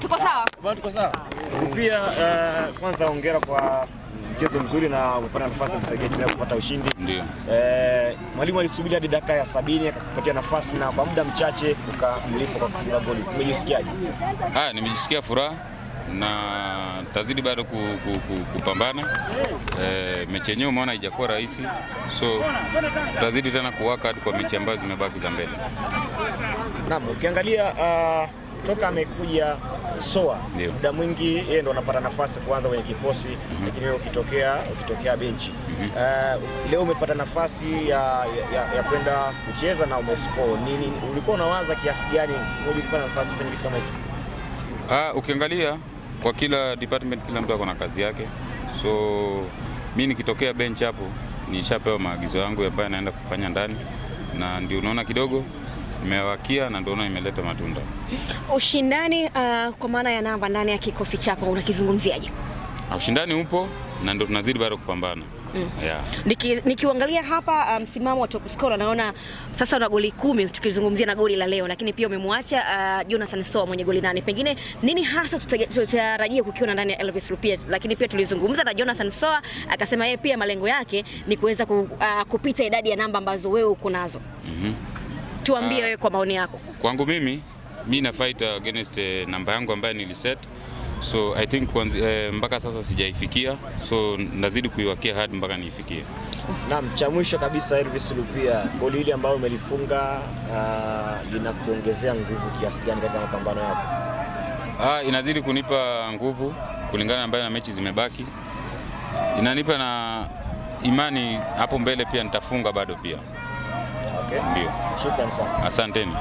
Tuko sawa tuko sawa pia. Eh, kwanza hongera kwa mchezo mzuri na umepata nafasi ya kusaidia timu kupata ushindi. Ndio. Eh, mwalimu alisubiri hadi dakika ya sabini akakupatia nafasi na kwa muda mchache ukamlipa kwa kufunga goli. Umejisikiaje? Haya, nimejisikia furaha na tazidi bado ku, ku, ku, kupambana. E, mechi yenyewe umeona haijakuwa rahisi, so tazidi tena kuwaka hadi kwa mechi ambazo zimebaki za mbele. Naam, ukiangalia uh, toka amekuja Soa muda mwingi yeye ndo anapata nafasi kwanza kwenye kikosi mm -hmm. Lakini wewe ukitokea ukitokea benchi mm -hmm. Uh, leo umepata nafasi ya, ya, ya kwenda kucheza na umescore nini, ulikuwa unawaza kiasi gani ukipata nafasi ufanye kitu kama hiki? Ah, ukiangalia kwa kila department, kila mtu ako na kazi yake, so mi nikitokea bench hapo nishapewa maagizo yangu ambayo naenda kufanya ndani, na ndio unaona kidogo imewakia na ndio imeleta matunda. Ushindani uh, kwa maana ya namba ndani ya kikosi chako unakizungumziaje? Ah, ushindani upo na ndio tunazidi bado kupambana. Mm. Yeah. Niki, nikiuangalia hapa uh, msimamo um, wa top scorer naona sasa una goli kumi tukizungumzia na goli la leo, lakini pia umemwacha uh, Jonathan Soa mwenye goli nane. Pengine nini hasa tutarajia kukiona ndani ya Elvis Lupia? Lakini pia tulizungumza na Jonathan Soa akasema yeye pia malengo yake ni kuweza ku, uh, kupita idadi ya namba ambazo wewe uko nazo. mm -hmm tuambie ah, wewe kwa maoni yako. Kwangu mimi mi na fight against uh, namba yangu ambayo niliset so I think eh, mpaka sasa sijaifikia, so nazidi kuiwakia hard mpaka niifikie. Naam, cha mwisho kabisa Elvis Lupia, goli hili ambayo umelifunga uh, linakuongezea nguvu kiasi gani katika mapambano yako? Ah, inazidi kunipa nguvu kulingana na ambayo na mechi zimebaki, inanipa na imani hapo mbele pia nitafunga bado pia Okay. Ndio. Shukrani sana. Asanteni.